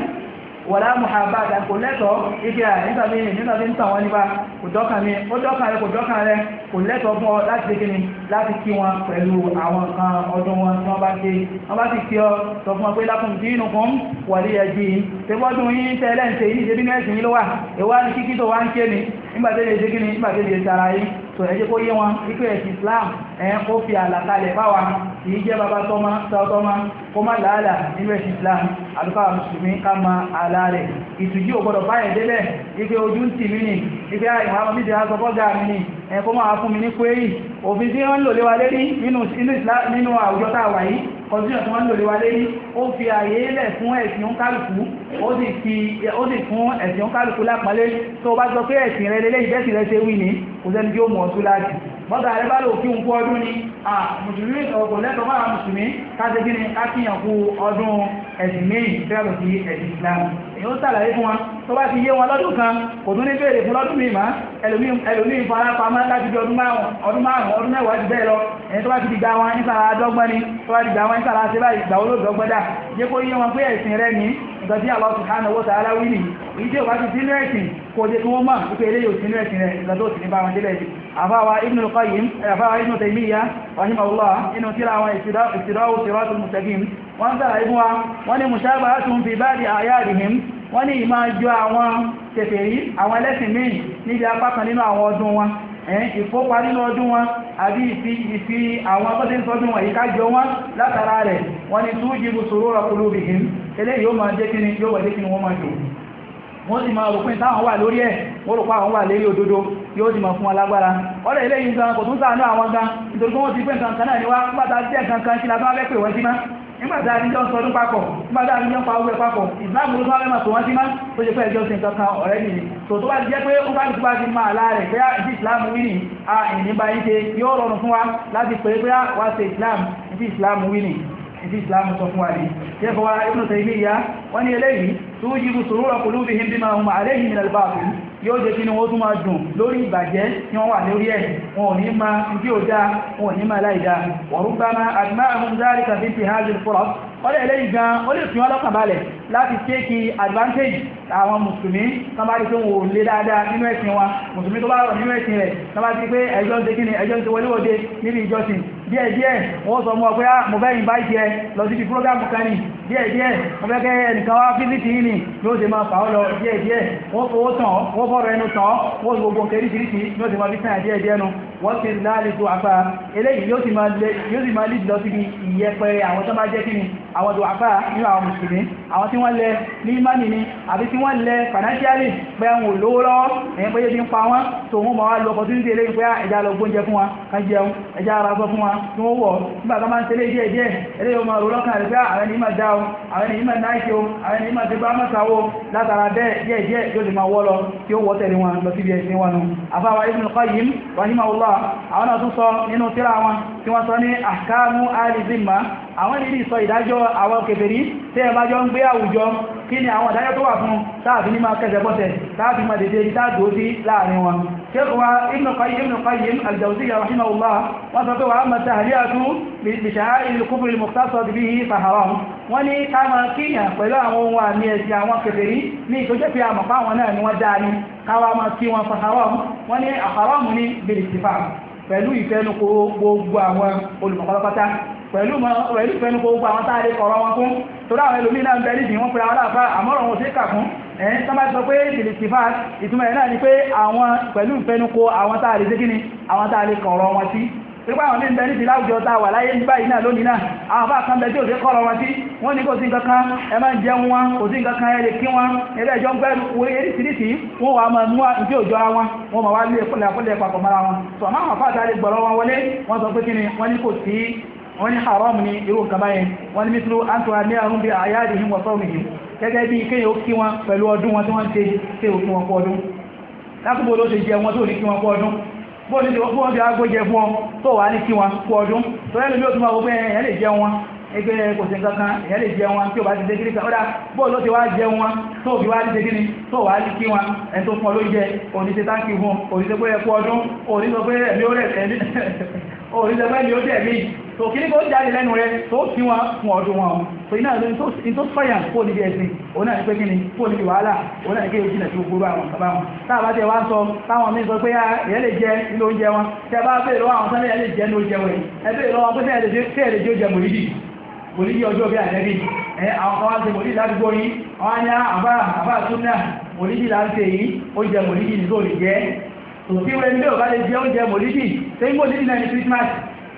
wọ̀lá mùhàbá àdàkò lẹ́tọ̀ọ́ ike à nígbàmí nígbàmí ń tàn wọ́n nípa kò dọ́kàn mi ó dọ́kàn rẹ kò dọ́kàn rẹ kò lẹ́tọ̀ọ́ fún ọ láti ṣe kíni láti kí wọn pẹ̀lú àwọn nǹkan ọdún wọn tí wọ́n bá ṣe wọ́n bá sì kí ọ sọ fún ọ pé lákùn tí inú kan wọ̀lé ẹ̀jì tẹ́gbọ́dún yín tẹ́lẹ̀ ń ṣe yín ṣe bí nẹ́ẹ̀sì yín ló wà èwo kíkí tó wá ń ké ni nígbà tẹ́lẹ̀ ṣe kíni nígbà tẹ́lẹ̀ ṣe ara yín tò ẹjẹ́ kó yé wọn wípé ẹ̀sìn Islam ẹ̀ ó fi àlàkalẹ̀ báwa kì í jẹ́ bàbá tọ́mọ sọ́tọ́mọ kó má làálà nínú ẹ̀sìn Islam àdúgbà mùsùlùmí ká ma àlà rẹ̀ ìtújú ò gbọ́dọ̀ báyẹ̀ délẹ̀ wípé ojú ń tì mí ni wípé ìwọ̀n àwọn mídìí aṣọ bọ́gà mi nì ẹ̀ kó máa fún mi ní kwérì òfin tí wọ́n ń lò lé wa lérí nínú àwùjọ tá a wà yìí ọdún ẹ̀kọ́ ń lòlẹ́wà lérí ó fi ààyè ilẹ̀ fún ẹ̀sìn òǹkálùkù ó sì fún ẹ̀sìn òǹkálùkù lápọ̀lé tó bá sọ pé ẹ̀sìn rẹ lélẹ́yìn bẹ́sìn rẹ ṣe wí ni kò sẹ́ni tí ó mọ̀ ọ́n tó láti mọ́tà rẹ bá lò kí n kú ọdún ni mùsùlùmí ọkọ̀ lẹ́tọ̀ọ́ máa mùsùlùmí káṣe kí ni ká kíyàn kú ọdún ẹ̀sìn míì fẹ́ràn sí ẹ̀sìn Islam èyí ó sàlàyé fún wa tó bá ti yé wọn lọ́dún kan kò tún ní béèrè fún lọ́dún míì má ẹlòmíì fara pamọ́ láti fi ọdún márùn ọdún márùn ọdún mẹ́wàá ti bẹ́ẹ̀ lọ ẹni tó bá ti di gba wọn nísàlá dọ́gbọ́n ni tó bá ti gba wọn nísàlá ṣe báyìí gbà wọn ló dọ́gbọ́n dà yẹ kó yé wọn pé ẹ̀sìn rẹ ní nǹkan tí Allah subhanahu wa ta'ala wí nìyí èyí tí ò bá ti sínú ẹ̀sìn kò jẹ́ kí wọ́n mọ̀ wípé eléyìí ò sínú ẹ̀sìn rẹ̀ nǹkan tó sì ní bá wọn délẹ̀ yìí àfáwa Ibn al-Qayyim àwọn ẹlẹ́sìn míì níbi apá kan nínú àwọn ọdún wọn ìfọ́pa nínú ọdún wọn àbí ìfi àwọn abọ́sẹ̀ tọ́jú wọn ìka jọ wọn látara rẹ̀ wọ́n ni tún jíbu surura qulubihim eléyìí yóò máa jẹ́ kíni yóò wà jẹ́ kíni wọ́n máa jò wọ́n sì máa rùpín táwọn wà lórí ẹ̀ wọ́n rùpá àwọn wà lérí òdodo yóò sì máa fún alágbára ọ̀rẹ́ eléyìí gan kò tún sáà náà àwọn gan nítorí wọ́n ti pẹ́ nǹkan kan náà ni wá pátá la fẹ́ pè wọ́n sí máa nígbà tá a ní jọ ń sọdún papọ̀ nígbà tá a ní jọ ń pa owó ẹ̀ papọ̀ ìsìláàmù ló sọ́ọ́lẹ́mà tó wọ́n ti máa tó ṣe fẹ́ ẹjọ́ sí nǹkan kan ọ̀rẹ́ nìyí tó tó bá ti jẹ́ pé ó bá ti bá ti máa lára rẹ̀ pé ìdí ah, ìsìláàmù wí nì a ìní bá yín pé ìsìláàmù ah, wí nì ìsìláàmù sọ fún wa ní jẹ́fọ́ yóò jẹ́ kí ni wọ́n tún máa dùn lórí ìbàjẹ́ tí wọ́n wà lórí ẹ̀ wọn ò ní ma bí ó dáa wọn ò ní ma láìdáa wọ̀rúgbámá àdìmá àmúdárí kàfí ti hajj fọ́lọ́ ọdẹ eléyìí gan ó lè fi wọ́n lọ́kàn balẹ̀ láti tẹ́kì advantage àwọn mùsùlùmí tán bá rí pé wọn ò lè dáadáa nínú ẹ̀sìn wa mùsùlùmí tó bá rọ̀ nínú ẹ̀sìn rẹ̀ tán bá ti pé ẹjọ́ ń ṣe kí ni ẹjọ́ ń ṣe wọléwọ̀de níbi ìjọsìn díẹ̀díẹ̀ wọ́n sọ mọ́ pé ah, mo fẹ́ invite ẹ lọ sí ti program kan ni díẹ̀ díẹ̀ ọ̀fẹ́kẹ́ ẹnìkan wá fíìsìtì yìí ni yóò ṣe máa fà ọ́ lọ díẹ̀ díẹ̀ wọ́n fowó tàn ọ́ wọ́n fọ́rọ̀ ẹnu tàn ọ́ wọ́n gbogbo kẹrìsìrìsì yóò ṣe máa fi sàn díẹ̀ díẹ̀ nu wọ́n ti láàrin tó apá eléyìí yóò sì máa lead lọ síbi ìyẹpẹrẹ àwọn tó máa jẹ́ kíni àwọn tó apá nínú àwọn mùsùlùmí àwọn tí wọ́n lẹ ní mánì ni àbí tí wọ́n lẹ financially pé àwọn olówó lọ́wọ́ ẹ̀yìn pé yébi ń pa wọ́n tó wọ́n máa lọ opportunity eléyìí pé ah, ẹja lọ gbóúnjẹ fún wa ká jẹun ẹja ara sọ fún wa tí wọ́n wọ̀ nígbà tó máa ń tẹ́lẹ̀ díẹ̀ díẹ̀ eléyìí ó máa rò lọ́kàn rẹ̀ pé ah, àwọn ẹni máa dá o àwọn ènìyàn máa náà ṣe o àwọn ènìyàn máa ti bá mọ́sàwó látara bẹ́ẹ̀ díẹ̀ díẹ̀ yóò ti máa wọ́ lọ tí ó wọ́ tẹ̀lé wọn lọ síbi ẹ̀sìn wọn afáwa Ibn Qayyim rahimahullah àwọn náà tún sọ nínú tírà wọn tí wọ́n sọ ní ahkamu alizimma àwọn nílì sọ ìdájọ́ àwọn kèfèrí tí ẹ bá jọ ń gbé àwùjọ kí ni àwọn ìdájọ́ tó wà fún táàfi ní máa kẹsẹ̀ bọ́sẹ̀ táàfi máa dèdè táàdó sí láàrin wọn ṣékùnwá Ibn Qayyim Ibn Qayyim al-Jawziyya rahimahullah wọ́n sọ pé wà á mọ̀ tahriyatu bi sha'a'ir al-kufr al-muqtasad bihi fa haram wọ́n ní ká máa kíyàn pẹ̀lú àwọn ohun àmì ẹ̀sìn àwọn kèfèrí ní pẹ̀lú pẹ̀lú gbogbo àwọn táàrí kọ̀rọ̀ wọn fún torí àwọn ẹlòmíì náà ń bẹ̀rẹ̀ ìdí wọn pẹ̀lú àwọn àfá àmọ́ràn wọn sí kàkún ẹ̀yìn tán bá sọ pé tìlìtìfà ìtumọ̀ ẹ̀ náà ni pé àwọn pẹ̀lú ìfẹnukò àwọn táàrí sí kíni àwọn táàrí kọ̀rọ̀ wọn sí pípa àwọn mẹ́rin bẹ̀rẹ̀ láwùjọ tá wà láyé ní báyìí náà lónìí náà àwọn bá kan bẹ tí ò sí kọ́rọ̀ wọn sí wọ́n ní kò sí nǹkan kan ẹ máa ń jẹun wọn kò sí nǹkan kan ẹ lè kí wọn eré ẹjọ́ ń gbẹ́ wo eréṣiríṣi wọ́n wà máa mú ìdí òjò ara wọn wọ́n máa wá lé ẹ̀kọ́lẹ̀ papọ̀ mọ́ra wọn sọ máa wà fáta lè wọn wọlé wọ́n sọ pé kí ni wọ́n ní kò sí wọ́n ní haram ní irú nǹkan báyẹn wọ́n ní mítlú antoine ní àrùn bí àyáàdì hìn wọ́sọ́ mi yìí gẹ́gẹ́ bí kéyàn ó kí wọn pẹ̀lú ọdún wọn tí wọ́n ń ṣe ṣe òkú wọn fún ọdún lákòbò ló ṣe jẹ wọn tó ní kí wọn fún ọdún bó ní fún ọdún agbójẹ fún ọ tó wà ní kí wọn fún ọdún tó yẹ lóbi ó tún máa wọ́pẹ́ ẹ̀yẹ́ lè jẹ wọn ẹgbẹ́ kò sí kankan ẹ̀yẹ́ lè jẹ wọn tí ó bá ti dégírí kan ó dá bó ló ti wá jẹ wọn tó fi wá ní dégírí tó wà ní kí wọn ẹni tó fún ọ ló jẹ òní ṣe táǹkì fún òní ṣe pé ẹ fún ọdún òní ṣe pé ẹ̀mí ó rẹ̀ òní tó kí ní kó jáde lẹ́nu rẹ tó fi wọn fún ọdún wọn tó iná lórí tó fẹ́yàn kó níbi ẹ̀sìn òun náà ní pé kíni níbi wàhálà òun náà ní kéwòn tí ó gbóró àwọn bàbá wọn tá tẹ wá sọ táwọn míín sọ pé ẹ̀yẹ́ ah, lè jẹ ilé oúnjẹ wọn tẹ bá bèèrè lọ́wọ́ àwọn sọ́nà ẹ̀yẹ́ lè jẹ wọn ẹ lọ́wọ́ pé tẹ́ẹ̀ lè jẹ mòlídì mòlídì ọjọ́ bí àjẹ́bí ẹ àwọn kan wá ṣe mòlídì ládùúgbò yín àwọn á ah, àbá àbá súnà mòlídì là ṣe yìí oúnjẹ mòlídì nìkó lè jẹ tòkí wẹ́n bí ò bá lè jẹ oúnjẹ mòlídì sẹ́yìn mòlídì náà ní Christmas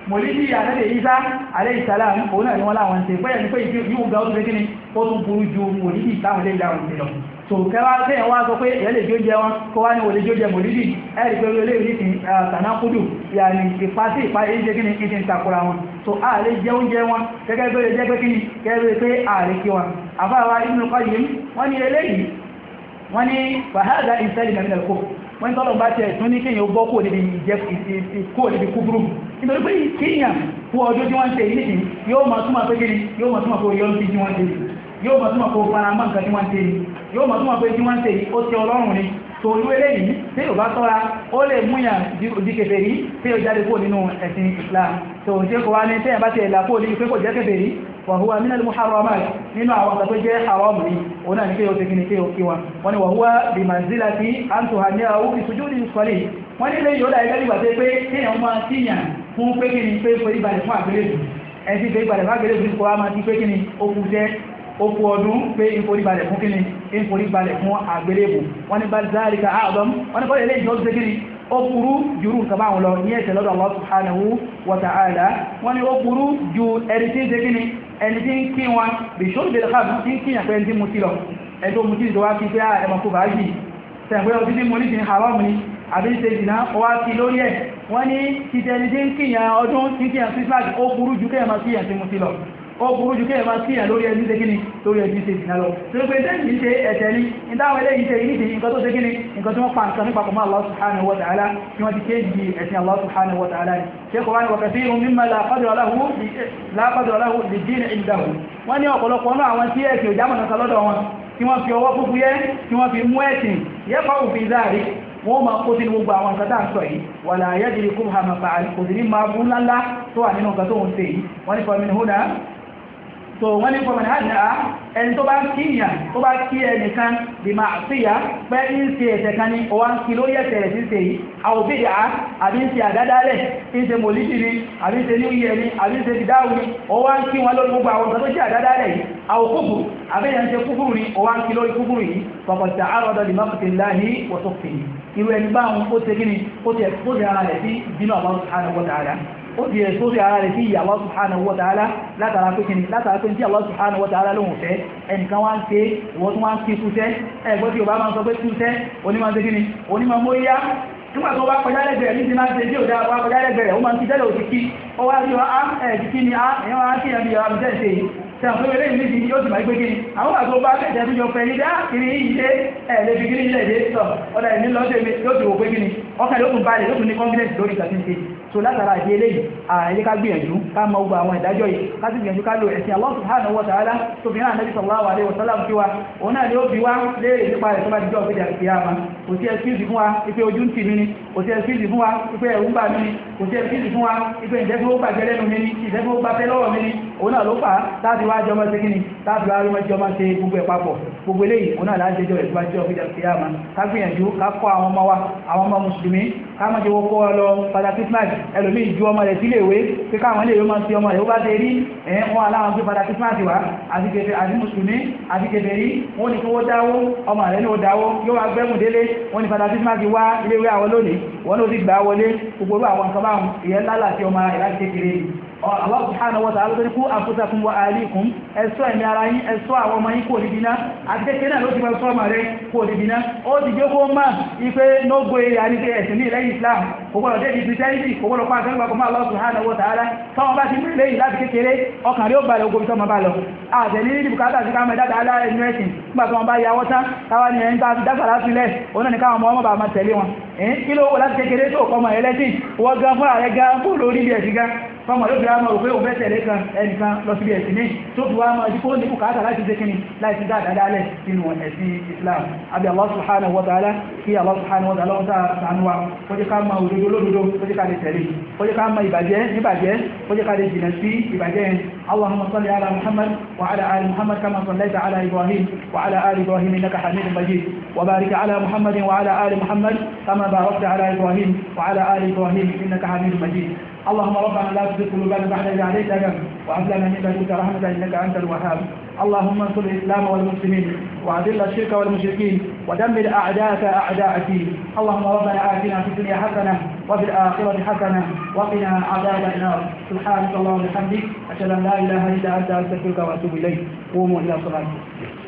mọ̀lídìí àlẹ́lẹ̀ ìsá àlẹ́ ìsàlá òun náà ni wọ́n láwọn ṣe pẹ́yẹ̀ ní pé yíò ga oúnjẹ kíni ó tún burú ju mọ̀lídìí ìtàwọn ilé ìlà òun lọ so kẹwa tẹ́yẹ̀ wá sọ pé ẹ̀lẹ́ jó jẹ wọn kó wá ní olè jó jẹ mọ̀lídìí ẹ̀rì pé olè ní ti tàná kúdù yàní ipa sí ipa oúnjẹ kíni kí ti ń takura wọn so àlẹ́ jẹ oúnjẹ wọn gẹ́gẹ́ bí ó lè jẹ́ pé kíni gẹ́gẹ́ pé àlẹ́ kí wọn àfáàwá Ibn Qayyim wọ́n ní eléyìí wọ́n ní fàhádà ìsẹ́lì nàmínà kó wọ́n ní tọ́lọ̀ bá tiẹ̀ tún ní kéèyàn bọ́ kó níbi ìjẹ́ kó níbi kúburú nítorí pé kíyàn fún ọjọ́ tí wọ́n ń tẹ̀ yìí nìyí yóò máa túmọ̀ pé kí ni yóò máa túmọ̀ pé yọ́n ti tí wọ́n ń tẹ̀ yìí yóò máa túmọ̀ pé fara mọ́ tí wọ́n ń tẹ̀ yóò máa túmọ̀ pé tí wọ́n ń tẹ̀ ó ti ọlọ́run ni tó irú eléyìí tí yóò bá tọ́ra ó lè múyàn di kèfèrí tí yóò jáde kúrò nínú ẹ̀sìn Islam tó ń ṣe kó wá ní tẹ́yàn bá ti ẹ̀là kúrò nínú pé kò jẹ́ kèfèrí wàhúwa àwọn ọ̀sán tó jẹ́ haram tẹ́kì ní kéyò kí wọ́n ni wàhúwa bí manzila ti antohania ó fi sojú ní sọlẹ̀ wọ́n ní ilé yóò dá ẹgbẹ́ fún pé kí ni pé forí balẹ̀ fún àgbélébù ẹni tí forí balẹ̀ fún àgbélébù kọ́ á máa ti pé kí ni ó kú jẹ́ ó kú ọdún pé ìforí balẹ̀ fún kí ni ìforí balẹ̀ fún àgbélébù wọ́n adam wọ́n ní kọ́lẹ̀ lẹ́yìn tó ṣe kí ni ó burú ju Allah subhanahu wa ta'ala wọ́n ní ó burú ju ẹni tí ń ṣe kí ni ẹni tí ń kí wọn bìṣó ìbẹ̀rẹ̀ káàbù tí ń kíyàn pé ẹni tí mo ti lọ ẹni tó mu ah, tí ìjọba fi pé ẹ̀mọ̀ kó àbí ṣe ìdìná ọwá sí lórí ẹ̀ wọ́n ní títẹni tí ń kíyàn ọdún tí kíyàn sí flag ó burú jù kẹ́yàn máa kíyàn sí mu sí lọ ó burú jù kẹ́yàn máa kíyàn lórí ẹni ṣe kíni lórí ẹni ṣe ìdìná lọ ni ìdáwọn eléyìí ṣe ìníṣe nǹkan tó tí wọ́n pa nǹkan nípa ta'ala tí wọ́n ti kéjì ta'ala ni ṣe kọ̀ wáyé wọ̀kẹ́ sí irun mímọ́ lápàdọ̀ aláhù lè dín ìdáhù wọ́n ní ọ̀pọ̀lọpọ̀ náà àwọn tí ẹ̀sìn òjámọ̀ náà lọ́dọ̀ wọn tí wọ́n fi ọwọ́ fúfú yẹ́ tí wọ́n fi mú ẹ̀sìn yẹ́pàá òfin záàrí wọ́n máa kó sínú gbogbo àwọn nǹkan tá à ń sọ yìí wàlà ayédèrè kó hàmà fàálì kò sí ní máa bú ńláńlá tó wà nínú nǹkan tó ń ṣe yìí wọ́n ní fọmìn húnà tó wọ́n ní fọmìn hànà ẹni tó bá ń kí ìyàn tó bá kí ẹnìkan bí máa síyà pé ń ṣe ẹ̀ṣẹ̀ kan ní ọwá ń kí lórí ẹ̀ṣẹ̀ rẹ̀ ṣíṣe yìí àwòbíyà àbí ń àbí ń ṣe àdádálẹ̀ ń ṣe kúfùrù ni ọwá ń kí lórí irú ẹni báwọn ó ṣe kíni ó ti ẹ̀kọ́ sí ara rẹ̀ sí ìbínú Allah subhanahu wa ta'ala ó ti ẹ̀kọ́ sí ara rẹ̀ sí ìyà Allah subhanahu wa ta'ala látara pé kíni látara pé tí Allah subhanahu wa ta'ala lóhùn fẹ́ ẹnìkan wá ń ṣe ìwọ́n tún wá ń kí kúṣẹ́ ẹ̀gbọ́n tí Yorùbá máa ń sọ pé kúṣẹ́ onímọ̀ ṣe kíni onímọ̀ mọ́ nígbà tó bá kọjá lẹ́gbẹ̀ẹ́ ní ti máa ń tẹ́jú òdá wá kọjá lẹ́gbẹ̀ẹ́ ó máa ń ti tẹ́lẹ̀ òtítí ó wá rí wa ẹ̀ títí ni ẹ̀yàn wá sí ẹ̀mí ìyàwó àbújá ìṣe yìí sẹ́wọ̀n pé wẹ́lẹ́ ìlú ìdí yóò ti máa gbé kí ni àwọn àti ọba akẹ́kẹ́ tó jọ pẹ̀lú dá kiri ilé ẹ̀ lè fi kiri ilé ìdí sọ ọ̀dà ìní lọ́sẹ̀ mi yóò ti wò pé kí ni so látara àti eléyìí àyè ká gbìyànjú ká mọ gbogbo àwọn ìdájọ́ yìí ká sì gbìyànjú ká lo ẹ̀sìn Allah subhanahu wa ta'ala tó fi hàn Ànábì sallallahu alaihi wa sallam fi wa òun náà ni ó fi wá léèrè nípa rẹ̀ tó bá dijọ́ òfin àti ìyá wa kò sí ẹ̀sìkìsì fún wa ipe ojú ń tì mí ni kò sí ẹ̀sìkìsì fún wa ipe ẹ̀rù ń bà mí ni kò sí ẹ̀sìkìsì fún wa ipe ìdẹ́fẹ́ ó gbàgbẹ́ lẹ́nu mi ni ìdẹ́fẹ́ ó gbàfẹ́ lọ́wọ́ mi ni òun náà ló fà á láti wá jọmọ sí kíni láti wá rímọ jọmọ sí gbogbo ẹ̀ papọ̀ gbogbo eléyìí òun náà láti jẹjọ ìgbà jọ ìgbà ìyá ma ká gbìyànjú ká kọ́ àwọn ọmọ wa àwọn ọmọ mùsùlùmí ká mọ̀ jẹ́ wọ́n kọ́ lọ father christmas ẹlòmí ìjú ọmọ rẹ̀ sílé ìwé pé káwọn ilé ìwé máa fi ọmọ rẹ̀ ó bá ṣe rí ẹ̀yìn wọn aláwọn tó padà kírísímàsì wá àti kẹfẹ́ àti mùsùlùmí àti kẹfẹ́ rí wọn ni kí wọ́n dáwó ọmọ rẹ̀ ní ó dáwó yóò wá gbẹ́mù délé wọn ni padà kírísímàsì wá ilé ìwé àwọn lónìí wọn ló ti gbà wọlé gbogbo àwọn nǹkan báwọn ìyẹn lálàsí ọmọ ìlàjì kékeré Allah subhanahu wa ta'ala lórí fún àfúsàkún wa àríkún ẹ̀ṣọ́ ẹ̀mí ara yín ẹ̀ṣọ́ àwọn ọmọ yín kò ní bínà àti kékeré náà ló ti máa sọ́ọ̀mà rẹ̀ kò ní bínà ó ti jẹ́ kó máa ipe nógbò èrè àníṣe ẹ̀sìn ní ilẹ̀ Islam kò gbọ́dọ̀ jẹ́ ibi tẹ́lifí kò gbọ́dọ̀ pa àtẹ́gbà kọ́mọ́ Allah subhanahu wa ta'ala tọ́wọ́n bá ti mú ilé yìí láti kékeré ọkàn rí ó balẹ̀ ogun tọ́mọ bá lọ àtẹ̀lé ní bùkátà sí káàmù ẹ̀dá dáadáa ẹ̀nu ẹ̀sìn nígbà tí wọ́n bá ya wọ́tá táwa ni ẹ̀yìn tàbí dáfàlá sílẹ̀ òun náà ni káwọn ọmọ ọmọ bá máa tẹ̀lé wọn kí ló wọ́n láti kékeré tó kọmọ ẹlẹ́sìn wọ́n gan fúnra rẹ̀ gan kó lórí ilé ẹ̀sìn gan fọmọ lóbi wa máa rò pé òun fẹ́ tẹ̀lé kan ẹnìkan lọ síbi ẹ̀sìn ní tó fi wá máa dípò ní bùkátà láti ṣe kíni láti dá àdádálẹ̀ nínú ẹ̀sìn Islam àbí Allah subhanahu wa ta'ala kí Allah subhanahu wa ta'ala ń ta sànú wa kó jẹ́ ká máa òdodo lódodo kó jẹ́ ká lè tẹ̀lé kó jẹ́ ká máa ìbàjẹ́ níbàjẹ́ kó jẹ́ ká lè jìnà sí ìbàjẹ́ yẹn Allahumma salli ala Muhammad wa ala ali Muhammad kama sallaita ala Ibrahim wa ala ali Ibrahim innaka Hamidum Majid اللهم ربنا لا تزغ قلوبنا بعد إذ هديتنا وهب لنا من لدنك رحمة إنك أنت الوهاب اللهم انصر الإسلام والمسلمين وأذل الشرك والمشركين ودمر أعداءك أعداء الدين اللهم ربنا آتنا في الدنيا حسنة وفي الآخرة حسنة وقنا عذاب النار سبحانك اللهم وبحمدك أشهد أن لا إله إلا أنت أستغفرك وأتوب إليك قوموا إلى صلاتكم